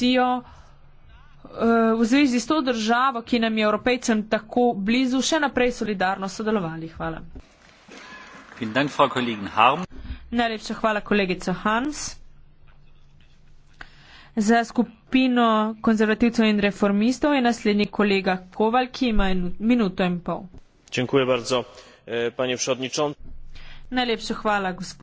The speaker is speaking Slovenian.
reakcijo eh, v zvezi s to državo, ki nam je evropejcem tako blizu, še naprej solidarno sodelovali. Hvala. Najlepša hvala, kolegica Hans. Za skupino konzervativcev in reformistov je naslednji kolega Koval, ki ima minuto in pol. E, Najlepša hvala, gospod.